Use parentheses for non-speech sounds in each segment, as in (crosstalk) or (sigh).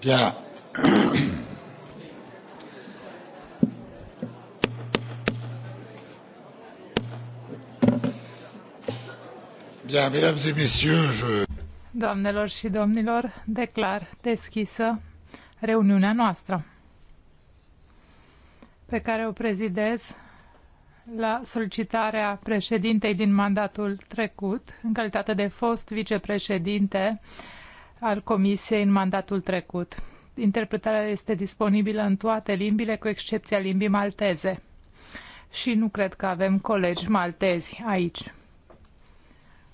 Bien. (clears throat) Bien, mesdames et messieurs, je... Doamnelor și domnilor, declar deschisă reuniunea noastră pe care o prezidez la solicitarea președintei din mandatul trecut, în calitate de fost vicepreședinte al Comisiei în mandatul trecut. Interpretarea este disponibilă în toate limbile, cu excepția limbii malteze. Și nu cred că avem colegi maltezi aici.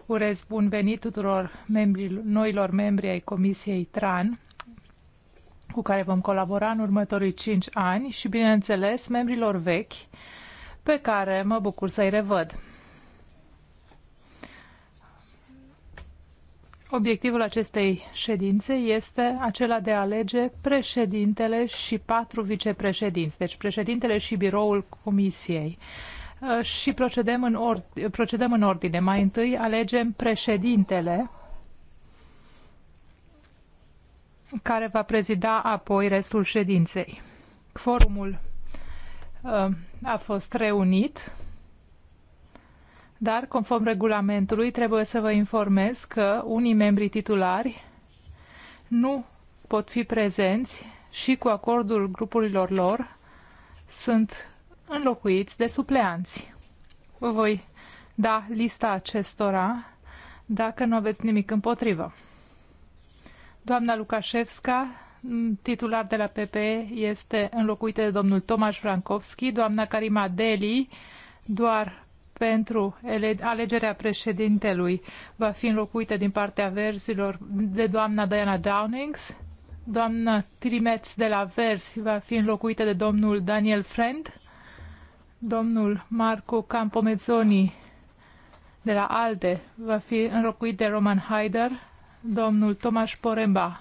Urez bun venit tuturor membrii, noilor membri ai Comisiei TRAN, cu care vom colabora în următorii 5 ani și, bineînțeles, membrilor vechi, pe care mă bucur să-i revăd. Obiectivul acestei ședințe este acela de a alege președintele și patru vicepreședinți, deci președintele și biroul comisiei. Uh, și procedăm în, ordine, procedăm în ordine. Mai întâi alegem președintele care va prezida apoi restul ședinței. Forumul uh, a fost reunit. Dar, conform regulamentului, trebuie să vă informez că unii membri titulari nu pot fi prezenți și cu acordul grupurilor lor sunt înlocuiți de supleanți. Vă voi da lista acestora dacă nu aveți nimic împotrivă. Doamna Lukashevska, titular de la PP, este înlocuită de domnul Tomaș Francovski, doamna Karima Deli, doar pentru alegerea președintelui va fi înlocuită din partea verzilor de doamna Diana Downings. Doamna Trimeț de la Verzi va fi înlocuită de domnul Daniel Friend. Domnul Marco Campomezzoni de la ALDE va fi înlocuit de Roman Haider. Domnul Tomaș Poremba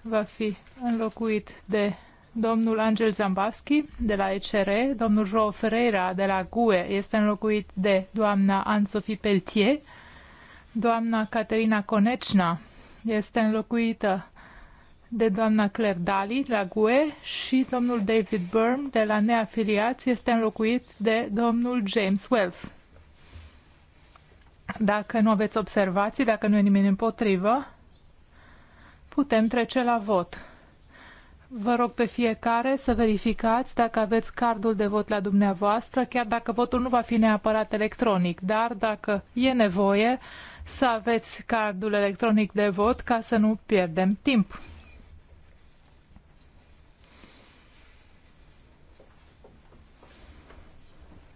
va fi înlocuit de domnul Angel Zambaschi de la ECR, domnul João Ferreira de la GUE este înlocuit de doamna Anne-Sophie Peltier, doamna Caterina Conecna este înlocuită de doamna Claire Daly de la GUE și domnul David Byrne de la neafiliați este înlocuit de domnul James Wells. Dacă nu aveți observații, dacă nu e nimeni împotrivă, putem trece la vot. Vă rog pe fiecare să verificați dacă aveți cardul de vot la dumneavoastră, chiar dacă votul nu va fi neapărat electronic, dar dacă e nevoie să aveți cardul electronic de vot ca să nu pierdem timp.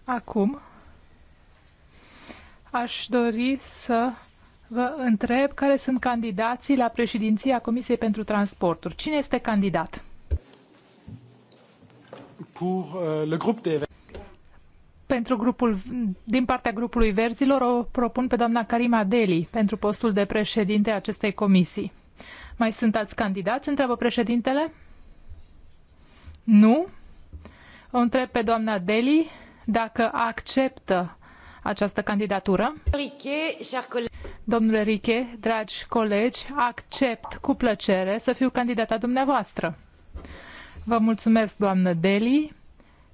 Acum aș dori să vă întreb care sunt candidații la președinția Comisiei pentru Transporturi. Cine este candidat? Pour, uh, le grup de... Pentru grupul, din partea grupului Verzilor, o propun pe doamna Karima Deli pentru postul de președinte a acestei comisii. Mai sunt alți candidați? Întreabă președintele. Nu? O întreb pe doamna Deli dacă acceptă această candidatură. Riche, Domnule Riche, dragi colegi, accept cu plăcere să fiu candidata dumneavoastră. Vă mulțumesc, doamnă Deli.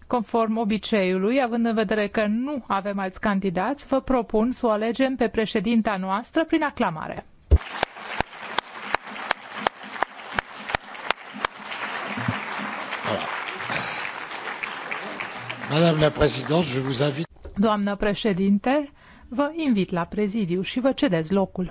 Conform obiceiului, având în vedere că nu avem alți candidați, vă propun să o alegem pe președinta noastră prin aclamare. Doamnă președinte, Vă invit la prezidiu și vă cedeți locul.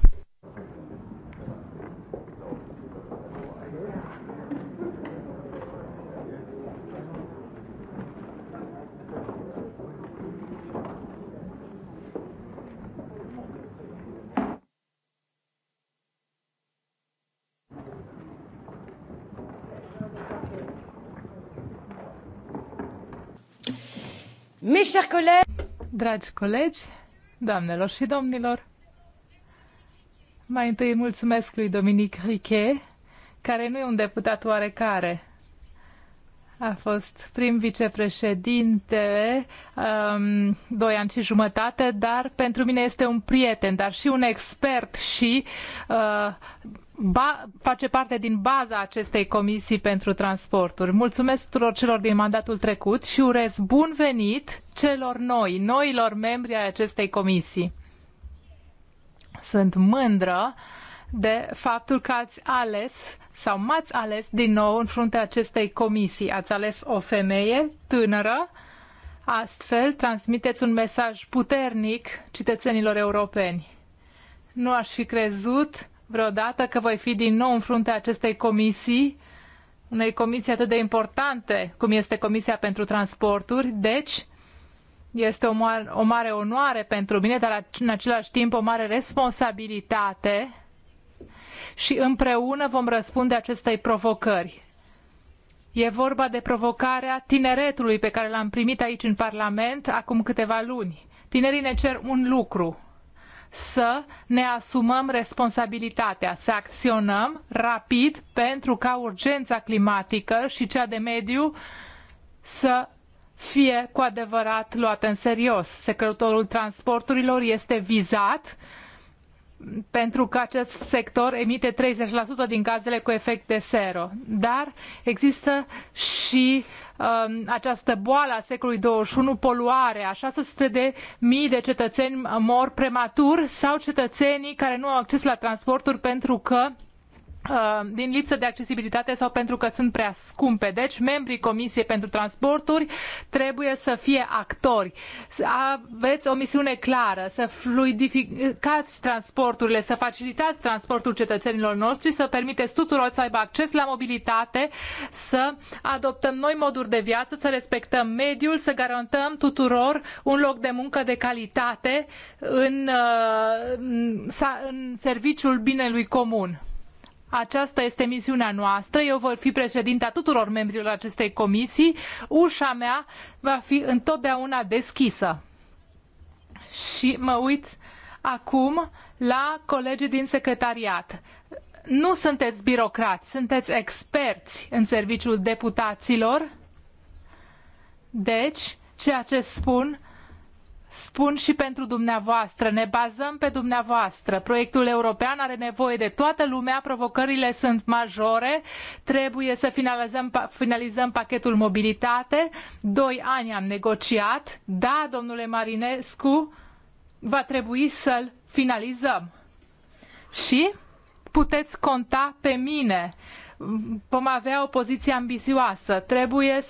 Dragi colegi, Doamnelor și domnilor, mai întâi mulțumesc lui Dominic Riquet, care nu e un deputat oarecare, a fost prim vicepreședinte um, doi ani și jumătate, dar pentru mine este un prieten, dar și un expert și uh, ba, face parte din baza acestei comisii pentru transporturi. Mulțumesc tuturor celor din mandatul trecut și urez bun venit celor noi, noilor membri ai acestei comisii. Sunt mândră uh, de faptul că ați ales sau m-ați ales din nou în fruntea acestei comisii. Ați ales o femeie tânără, astfel transmiteți un mesaj puternic cetățenilor europeni. Nu aș fi crezut vreodată că voi fi din nou în fruntea acestei comisii, unei comisii atât de importante cum este Comisia pentru Transporturi, deci este o mare, o mare onoare pentru mine, dar în același timp o mare responsabilitate și împreună vom răspunde acestei provocări. E vorba de provocarea tineretului pe care l-am primit aici în Parlament acum câteva luni. Tinerii ne cer un lucru, să ne asumăm responsabilitatea, să acționăm rapid pentru ca urgența climatică și cea de mediu să fie cu adevărat luată în serios. Sectorul transporturilor este vizat pentru că acest sector emite 30% din gazele cu efect de seră. Dar există și um, această boală a secolului 21, poluarea. 600 de mii de cetățeni mor prematur sau cetățenii care nu au acces la transporturi pentru că Uh, din lipsă de accesibilitate sau pentru că sunt prea scumpe. Deci, membrii Comisiei pentru Transporturi trebuie să fie actori. Aveți o misiune clară, să fluidificați transporturile, să facilitați transportul cetățenilor noștri, să permiteți tuturor să aibă acces la mobilitate, să adoptăm noi moduri de viață, să respectăm mediul, să garantăm tuturor un loc de muncă de calitate în, uh, în serviciul binelui comun. Aceasta este misiunea noastră. Eu voi fi președinta tuturor membrilor acestei comisii. Ușa mea va fi întotdeauna deschisă. Și mă uit acum la colegii din secretariat. Nu sunteți birocrați, sunteți experți în serviciul deputaților. Deci, ceea ce spun spun și pentru dumneavoastră. Ne bazăm pe dumneavoastră. Proiectul european are nevoie de toată lumea, provocările sunt majore, trebuie să finalizăm, finalizăm pachetul mobilitate. Doi ani am negociat. Da, domnule Marinescu, va trebui să-l finalizăm. Și puteți conta pe mine vom avea o poziție ambițioasă. Trebuie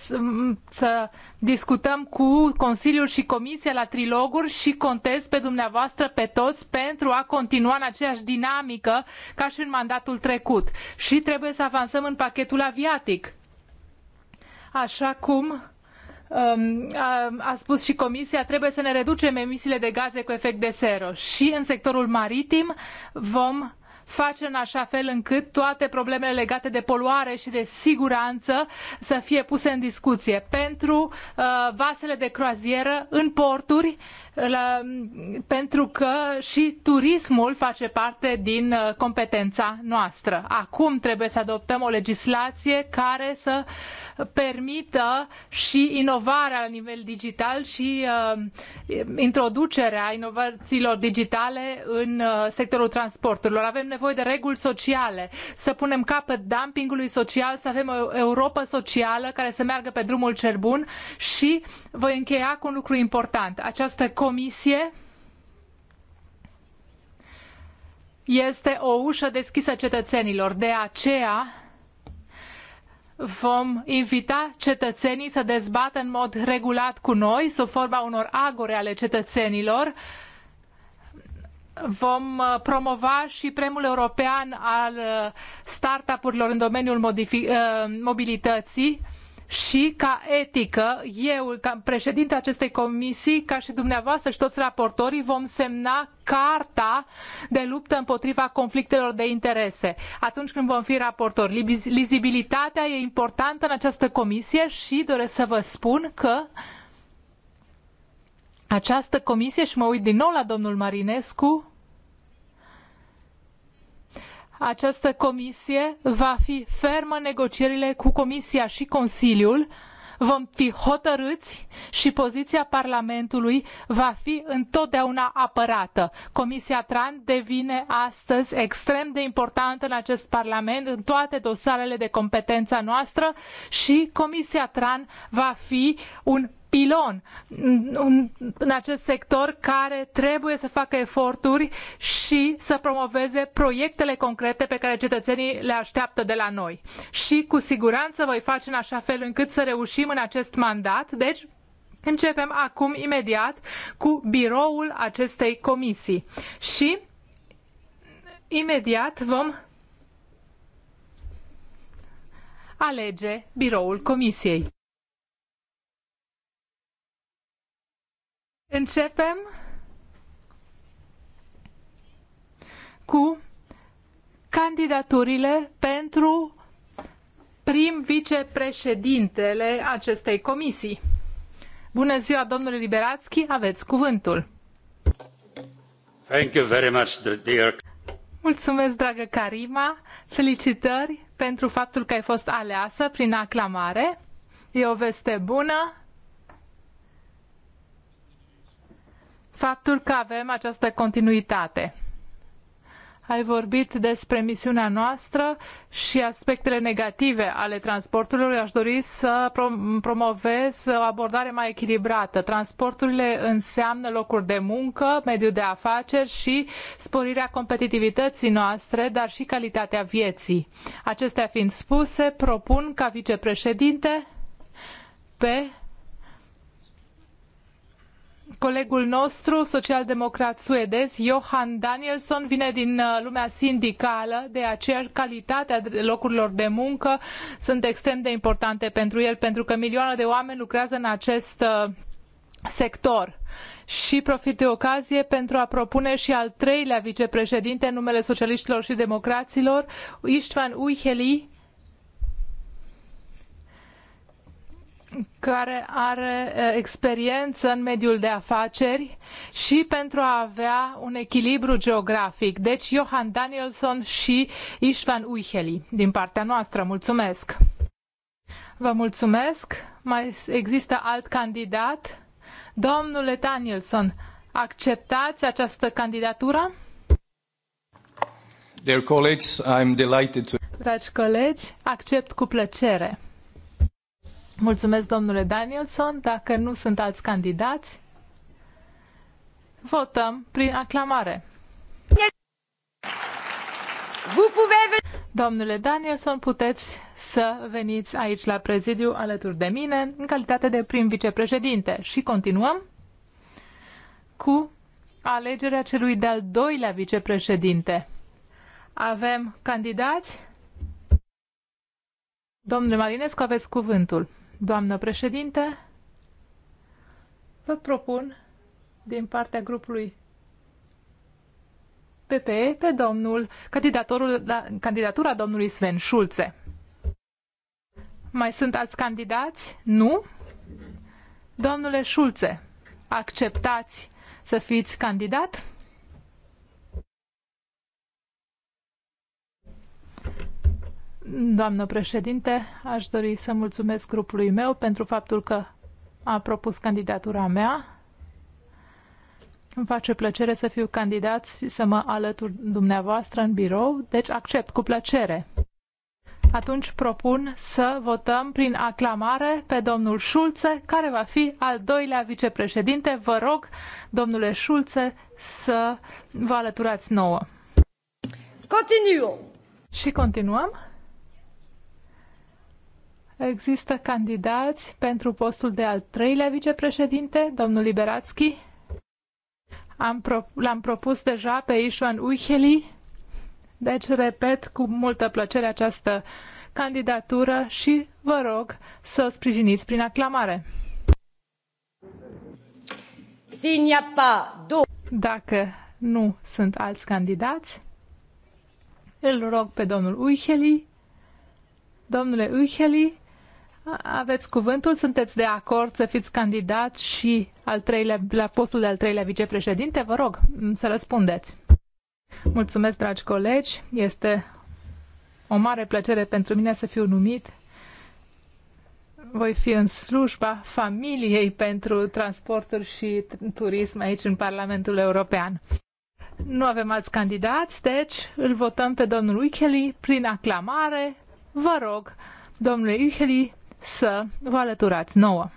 să discutăm cu Consiliul și Comisia la triloguri și contez pe dumneavoastră, pe toți, pentru a continua în aceeași dinamică ca și în mandatul trecut. Și trebuie să avansăm în pachetul aviatic. Așa cum um, a spus și Comisia, trebuie să ne reducem emisiile de gaze cu efect de seră. Și în sectorul maritim vom face în așa fel încât toate problemele legate de poluare și de siguranță să fie puse în discuție pentru uh, vasele de croazieră în porturi la, pentru că și turismul face parte din uh, competența noastră. Acum trebuie să adoptăm o legislație care să permită și inovarea la nivel digital și uh, introducerea inovațiilor digitale în uh, sectorul transporturilor. Avem nevoie de reguli sociale, să punem capăt dumpingului social, să avem o Europa socială care să meargă pe drumul cel bun și voi încheia cu un lucru important. Această comisie este o ușă deschisă cetățenilor. De aceea vom invita cetățenii să dezbată în mod regulat cu noi, sub forma unor agore ale cetățenilor, vom uh, promova și premiul european al uh, startup-urilor în domeniul uh, mobilității și ca etică, eu, ca președinte acestei comisii, ca și dumneavoastră și toți raportorii, vom semna carta de luptă împotriva conflictelor de interese. Atunci când vom fi raportori, lizibilitatea e importantă în această comisie și doresc să vă spun că această comisie, și mă uit din nou la domnul Marinescu, această comisie va fi fermă în negocierile cu Comisia și Consiliul, vom fi hotărâți și poziția Parlamentului va fi întotdeauna apărată. Comisia Tran devine astăzi extrem de importantă în acest Parlament, în toate dosarele de competența noastră și Comisia Tran va fi un pilon în acest sector care trebuie să facă eforturi și să promoveze proiectele concrete pe care cetățenii le așteaptă de la noi. Și cu siguranță voi face în așa fel încât să reușim în acest mandat. Deci, începem acum imediat cu biroul acestei comisii. Și imediat vom alege biroul comisiei. Începem cu candidaturile pentru prim vicepreședintele acestei comisii. Bună ziua, domnule Liberațchi, aveți cuvântul. Thank you very much, dear. Mulțumesc, dragă Karima, felicitări pentru faptul că ai fost aleasă prin aclamare. E o veste bună faptul că avem această continuitate. Ai vorbit despre misiunea noastră și aspectele negative ale transporturilor. Aș dori să promovez o abordare mai echilibrată. Transporturile înseamnă locuri de muncă, mediu de afaceri și sporirea competitivității noastre, dar și calitatea vieții. Acestea fiind spuse, propun ca vicepreședinte pe Colegul nostru, socialdemocrat suedez, Johan Danielsson, vine din uh, lumea sindicală, de aceea calitatea locurilor de muncă sunt extrem de importante pentru el, pentru că milioane de oameni lucrează în acest uh, sector și profit de ocazie pentru a propune și al treilea vicepreședinte în numele socialiștilor și democraților, Istvan Uiheli, care are experiență în mediul de afaceri și pentru a avea un echilibru geografic. Deci Johan Danielson și Istvan Uiheli din partea noastră. Mulțumesc! Vă mulțumesc! Mai există alt candidat? Domnule Danielson, acceptați această candidatură? Dear colleagues, I'm delighted to... Dragi colegi, accept cu plăcere. Mulțumesc, domnule Danielson. Dacă nu sunt alți candidați, votăm prin aclamare. Domnule Danielson, puteți să veniți aici la prezidiu alături de mine în calitate de prim vicepreședinte și continuăm cu alegerea celui de-al doilea vicepreședinte. Avem candidați? Domnule Marinescu, aveți cuvântul. Doamnă președinte, vă propun din partea grupului PPE pe domnul, candidatorul, da, candidatura domnului Sven Schulze. Mai sunt alți candidați? Nu? Domnule Schulze, acceptați să fiți candidat? Doamnă președinte, aș dori să mulțumesc grupului meu pentru faptul că a propus candidatura mea. Îmi face plăcere să fiu candidat și să mă alătur dumneavoastră în birou, deci accept cu plăcere. Atunci propun să votăm prin aclamare pe domnul Șulțe, care va fi al doilea vicepreședinte. Vă rog, domnule Șulțe, să vă alăturați nouă. Continuăm. Și continuăm. Există candidați pentru postul de al treilea vicepreședinte, domnul Liberațchi. Am pro- propus deja pe Ișoan Uicheli, deci repet cu multă plăcere această candidatură și vă rog să o sprijiniți prin aclamare. Dacă nu sunt alți candidați, îl rog pe domnul Uicheli. Domnule Uicheli. Aveți cuvântul, sunteți de acord să fiți candidat și al treilea, la postul de al treilea vicepreședinte? Vă rog să răspundeți. Mulțumesc, dragi colegi. Este o mare plăcere pentru mine să fiu numit. Voi fi în slujba familiei pentru transporturi și turism aici în Parlamentul European. Nu avem alți candidați, deci îl votăm pe domnul Wicheli prin aclamare. Vă rog, domnule Wicheli, să vă alăturați nouă.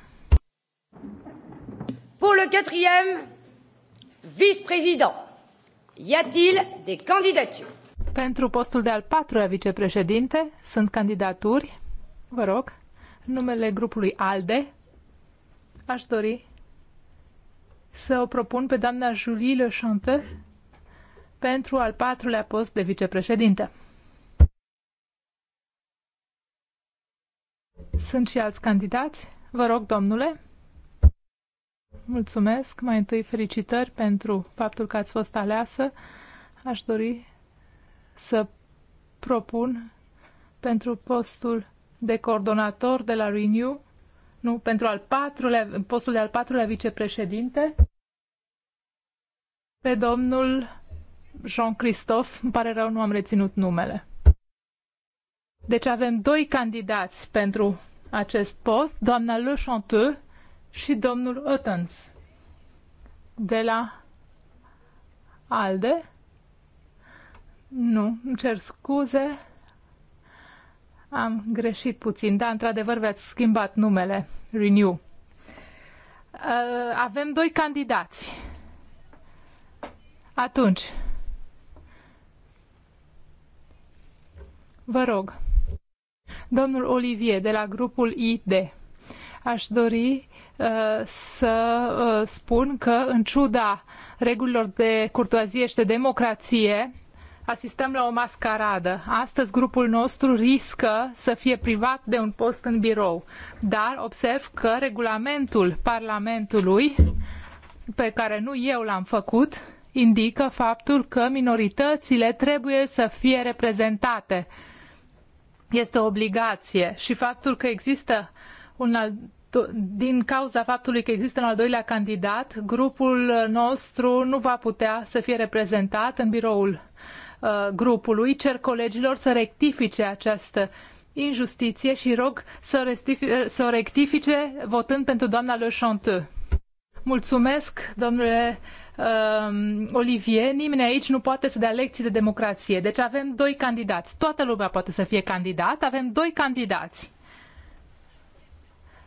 Pour le quatrième vice-président, y a-t-il des candidatures? Pentru postul de al patrulea vicepreședinte sunt candidaturi. Vă rog, numele grupului ALDE. Aș dori să o propun pe doamna Julie Le Chanteux pentru al patrulea post de vicepreședinte. Sunt și alți candidați? Vă rog, domnule. Mulțumesc. Mai întâi felicitări pentru faptul că ați fost aleasă. Aș dori să propun pentru postul de coordonator de la Renew, nu, pentru al patrulea, postul de al patrulea vicepreședinte, pe domnul Jean-Christophe, îmi pare rău, nu am reținut numele. Deci avem doi candidați pentru acest post, doamna Le Chanteux și domnul Ottens de la ALDE. Nu, îmi cer scuze. Am greșit puțin, dar într-adevăr v-ați schimbat numele. Renew. Uh, avem doi candidați. Atunci, vă rog. Domnul Olivier, de la grupul ID. Aș dori uh, să uh, spun că, în ciuda regulilor de curtoazie și de democrație, asistăm la o mascaradă. Astăzi grupul nostru riscă să fie privat de un post în birou, dar observ că regulamentul Parlamentului, pe care nu eu l-am făcut, indică faptul că minoritățile trebuie să fie reprezentate este o obligație și faptul că există un al din cauza faptului că există un al doilea candidat, grupul nostru nu va putea să fie reprezentat în biroul uh, grupului. Cer colegilor să rectifice această injustiție și rog să, să o rectifice votând pentru doamna Le Chanteu. Mulțumesc, domnule uh, Olivier, nimeni aici nu poate să dea lecții de democrație. Deci avem doi candidați. Toată lumea poate să fie candidat. Avem doi candidați.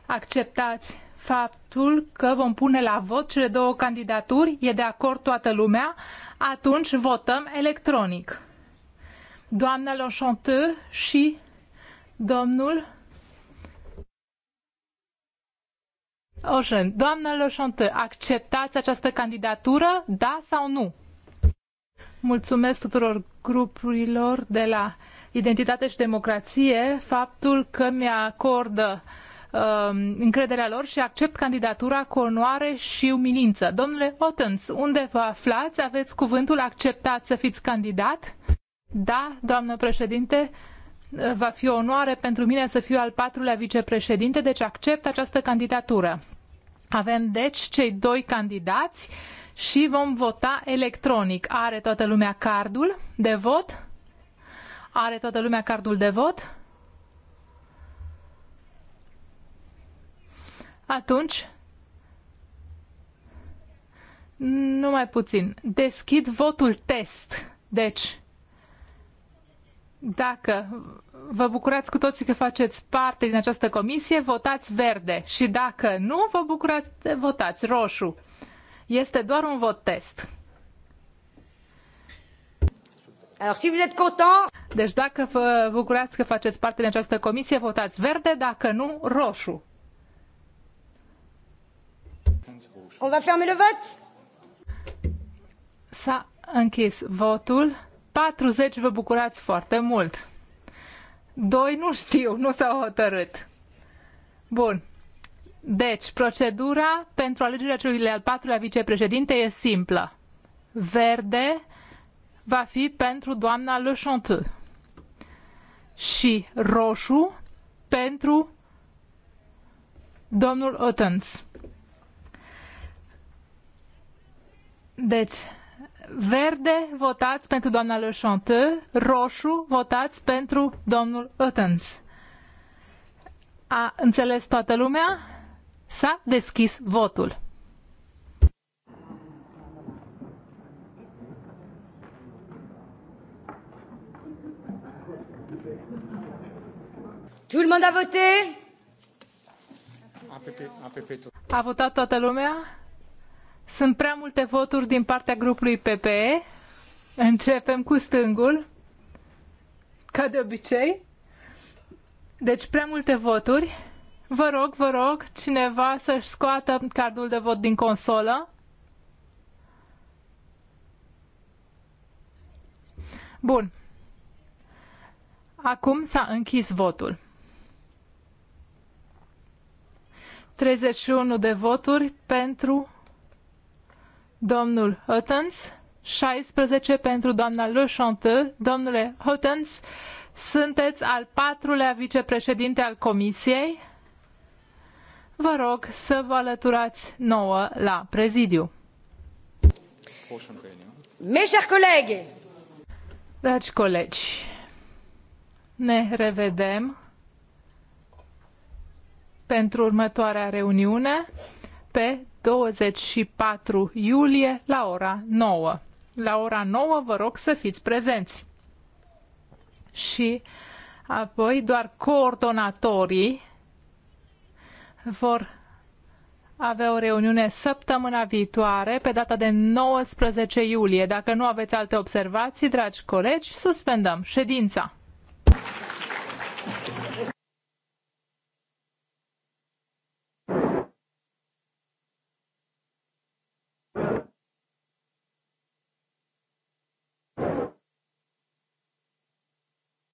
Acceptați faptul că vom pune la vot cele două candidaturi, e de acord toată lumea, atunci votăm electronic. Doamna L'Enchanteux și domnul Ocean. Doamnă Leșantă, acceptați această candidatură, da sau nu? Mulțumesc tuturor grupurilor de la Identitate și Democrație faptul că mi-acordă um, încrederea lor și accept candidatura cu onoare și umilință. Domnule Ottens, unde vă aflați? Aveți cuvântul acceptat să fiți candidat? Da, doamnă președinte, va fi o onoare pentru mine să fiu al patrulea vicepreședinte, deci accept această candidatură. Avem deci cei doi candidați și vom vota electronic. Are toată lumea cardul de vot? Are toată lumea cardul de vot? Atunci, numai puțin. Deschid votul test. Deci, dacă vă bucurați cu toții că faceți parte din această comisie, votați verde și dacă nu, vă bucurați, votați roșu. Este doar un vot test. Alors, si vous êtes content... Deci dacă vă bucurați că faceți parte din această comisie, votați verde, dacă nu, roșu. On va fermer le vote. S-a închis votul. 40 vă bucurați foarte mult. Doi nu știu, nu s-au hotărât. Bun. Deci, procedura pentru alegerea celui al patrulea vicepreședinte e simplă. Verde va fi pentru doamna Le Chanteux și roșu pentru domnul Otens. Deci, Verde, votați pentru doamna Le Chanteux. Roșu, votați pentru domnul Ottens. A înțeles toată lumea? S-a deschis votul. Tout le monde a voté? A votat toată lumea? Sunt prea multe voturi din partea grupului PPE. Începem cu stângul, ca de obicei. Deci prea multe voturi. Vă rog, vă rog, cineva să-și scoată cardul de vot din consolă. Bun. Acum s-a închis votul. 31 de voturi pentru domnul Hotens, 16 pentru doamna Le Chanteux. Domnule Hotens, sunteți al patrulea vicepreședinte al comisiei. Vă rog să vă alăturați nouă la prezidiu. Mes chers collègues! Dragi colegi, ne revedem pentru următoarea reuniune pe 24 iulie la ora 9. La ora 9 vă rog să fiți prezenți. Și apoi doar coordonatorii vor avea o reuniune săptămâna viitoare, pe data de 19 iulie. Dacă nu aveți alte observații, dragi colegi, suspendăm ședința.